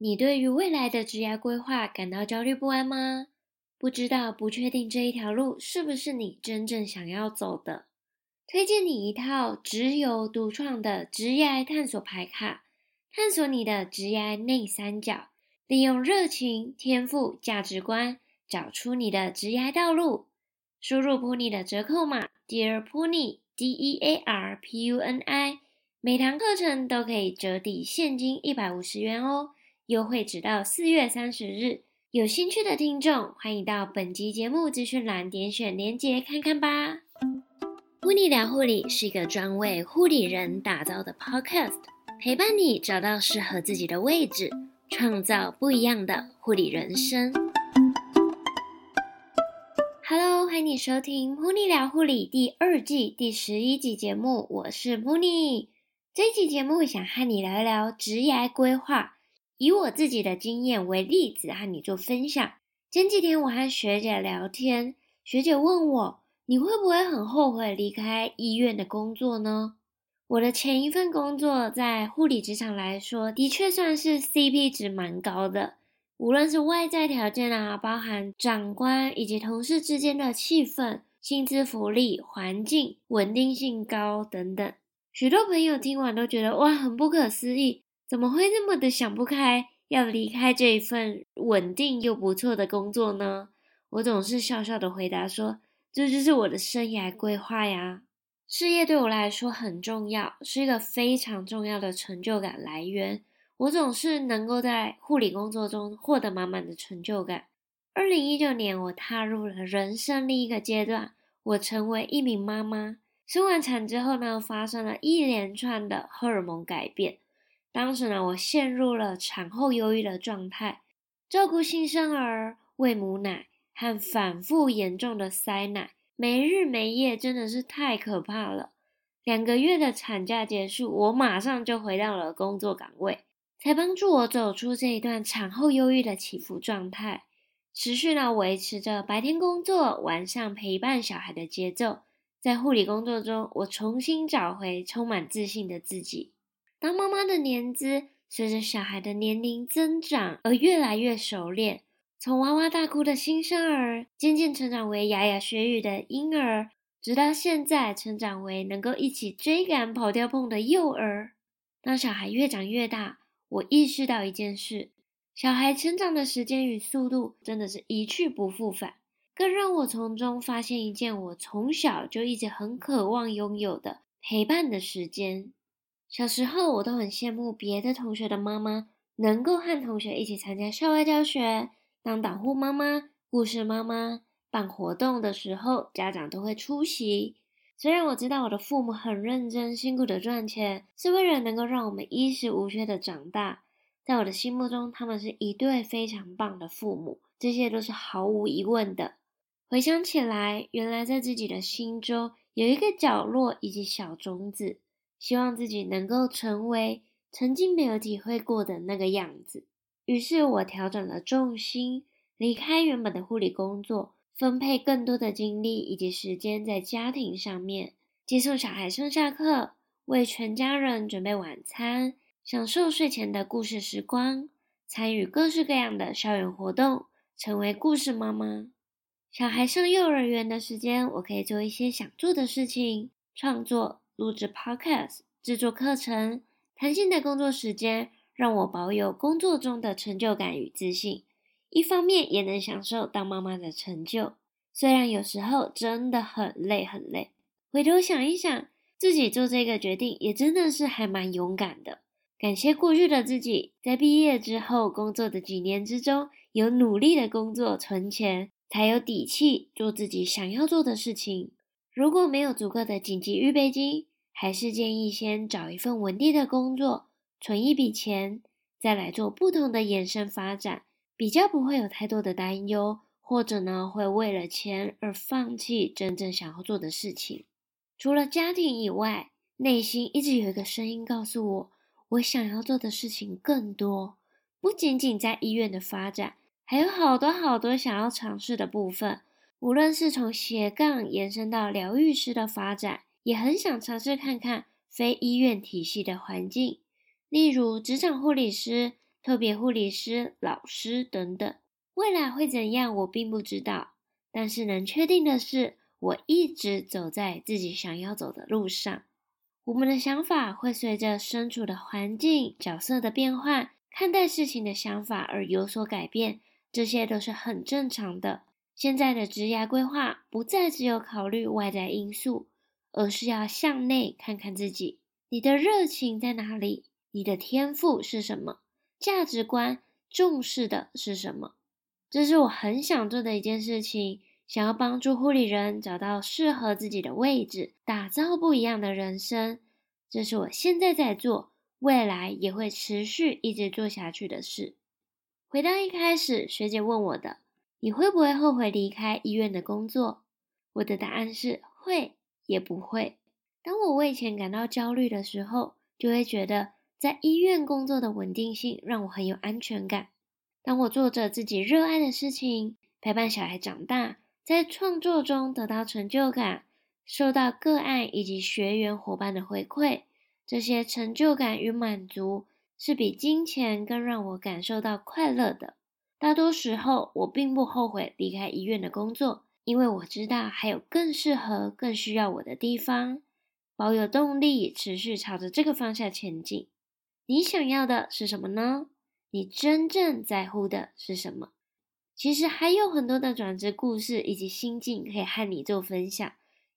你對於未來的職涯規劃感到焦慮不安嗎？不知道、不確定這一條路是不是你真正想要走的？推薦你一套職游獨創的職涯探索牌卡，探索你的職涯內三角，利用熱情、天賦、價值觀，找出你的職涯道路。輸入 Puni 的折扣碼，Dear Puni D E A R P U N I，每堂課程都可以折抵現金一百五十元哦！優惠只到四月三十日，有興趣的聽眾歡迎到本集節目資訊欄點選連結看看吧。噗妮聊護理是一個專為護理人打造的 Podcast，陪伴你找到適合自己的位置，創造不一樣的護理人生。Hello，歡迎你收聽《噗妮聊護理》第二季第十一集節目，我是噗妮。這集節目想和你聊一聊職涯規劃。以我自己的經驗為例子和你做分享。前幾天我和學姐聊天，學姐問我：“你會不會很後悔離開醫院的工作呢？”我的前一份工作在護理職場來說，的確算是 CP 值蠻高的。無論是外在條件啊，包含長官以及同事之間的氣氛、薪資福利、環境、穩定性高等等，許多朋友聽完都覺得：“哇，很不可思議。”怎麼會那麼的想不開，要離開這一份穩定又不錯的工作呢？我總是笑笑的回答說：“這就是我的生涯規劃呀。事業對我來說很重要，是一個非常重要的成就感來源。我總是能夠在護理工作中獲得滿滿的成就感。二零一九年，我踏入了人生另一個階段，我成為一名媽媽。生完產之後呢，發生了一連串的荷爾蒙改變。”當時呢，我陷入了產後憂鬱的狀態，照顧新生兒、餵母奶和反覆嚴重的塞奶，沒日沒夜，真的是太可怕了。兩個月的產假結束，我馬上就回到了工作崗位，才幫助我走出這一段產後憂鬱的起伏狀態。持續呢，維持着白天工作、晚上陪伴小孩的節奏，在護理工作中，我重新找回充滿自信的自己。當媽媽的年資隨着小孩的年齡增長而越來越熟練，從哇哇大哭的新生兒，漸漸成長為牙牙學語的嬰兒，直到現在成長為能夠一起追趕跑跳碰的幼兒。當小孩越長越大，我意識到一件事：小孩成長的時間與速度，真的是一去不復返。更讓我從中發現一件我從小就一直很渴望擁有的陪伴的時間。小時候，我都很羨慕別的同學的媽媽能夠和同學一起參加校外教學，當導護媽媽、故事媽媽，辦活動的時候，家長都會出席。雖然我知道我的父母很認真、辛苦的賺錢，是為了能夠讓我們衣食無缺的長大，在我的心目中，他們是一對非常棒的父母，這些都是毫無疑問的。回想起來，原來在自己的心中有一個角落以及小種子。希望自己能夠成為曾經沒有體會過的那個樣子。於是，我調整了重心，離開原本的護理工作，分配更多的精力以及時間在家庭上面，接送小孩上下課，為全家人準備晚餐，享受睡前的故事時光，參與各式各樣的校園活動，成為故事媽媽。小孩上幼兒園的時間，我可以做一些想做的事情，創作。錄製 Podcast、製作課程，彈性的工作時間讓我保有工作中的成就感與自信，一方面也能享受當媽媽的成就，雖然有時候真的很累很累。回頭想一想，自己做這個決定也真的是還蠻勇敢的。感謝過去的自己，在畢業之後工作的幾年之中，有努力的工作存錢，才有底氣做自己想要做的事情。如果沒有足夠的緊急預備金，還是建議先找一份穩定的工作，存一筆錢，再來做不同的延伸發展，比較不會有太多的擔憂，或者呢，會為了錢而放棄真正想要做的事情。除了家庭以外，內心一直有一個聲音告訴我，我想要做的事情更多，不僅僅在醫院的發展，還有好多好多想要嘗試的部分，無論是從斜槓延伸到療癒師的發展。也很想嘗試看看非醫院體系的環境，例如職場護理師、特別護理師、老師等等。未來會怎樣，我並不知道。但是能確定的是，我一直走在自己想要走的路上。我們的想法會隨着身處的環境、角色的變換、看待事情的想法而有所改變，這些都是很正常的。現在的職涯規劃不再只有考慮外在因素。而是要向內看看自己，你的熱情在哪裡？你的天賦是什麼？價值觀重視的是什麼？這是我很想做的一件事情，想要幫助護理人找到適合自己的位置，打造不一樣的人生。這是我現在在做，未來也會持續一直做下去的事。回到一開始，學姊問我的，你會不會後悔離開醫院的工作？我的答案是會。也不會。當我為錢感到焦慮的時候，就會覺得在醫院工作的穩定性讓我很有安全感。當我做着自己熱愛的事情，陪伴小孩長大，在創作中得到成就感，受到個案以及學員夥伴的回饋，這些成就感與滿足是比金錢更讓我感受到快樂的。大多時候，我並不後悔離開醫院的工作。因為我知道還有更適合、更需要我的地方，保有動力，持續朝着這個方向前進。你想要的是什麼呢？你真正在乎的是什麼？其實還有很多的轉職故事以及心境可以和你做分享，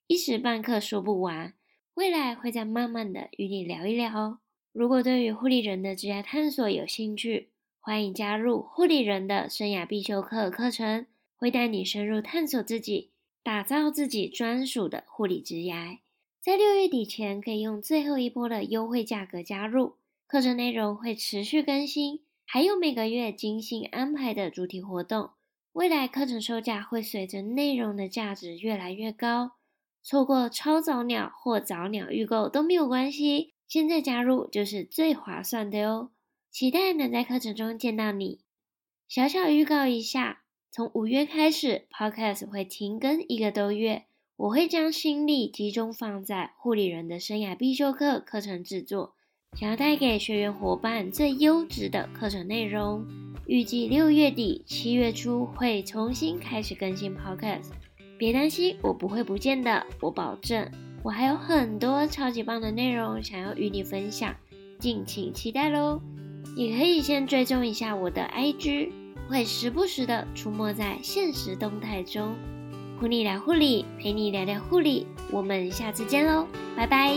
一時半刻說不完，未來會再慢慢的與你聊一聊哦。如果對於護理人的職業探索有興趣，歡迎加入護理人的生涯必修課課程。會帶你深入探索自己，打造自己專屬的護理職涯。在六月底前，可以用最後一波的優惠價格加入。課程內容會持續更新，還有每個月精心安排的主題活動。未來課程售價會隨着內容的價值越來越高。錯過超早鳥或早鳥預購都沒有關係，現在加入就是最划算的哦。期待能在課程中見到你。小小預告一下。從五月開始，Podcast 會停更一個多月。我會將心力集中放在護理人的生涯必修課課程制作，想要帶給學員夥伴最優質的課程內容。預計六月底、七月初會重新開始更新 Podcast。別擔心，我不會不見的，我保證。我還有很多超級棒的內容想要與你分享，敬請期待嘍！你可以先追蹤一下我的 IG。會時不時的出沒在現實動態中，噗妮聊護理，陪你聊聊護理，我們下次見嘍，拜拜。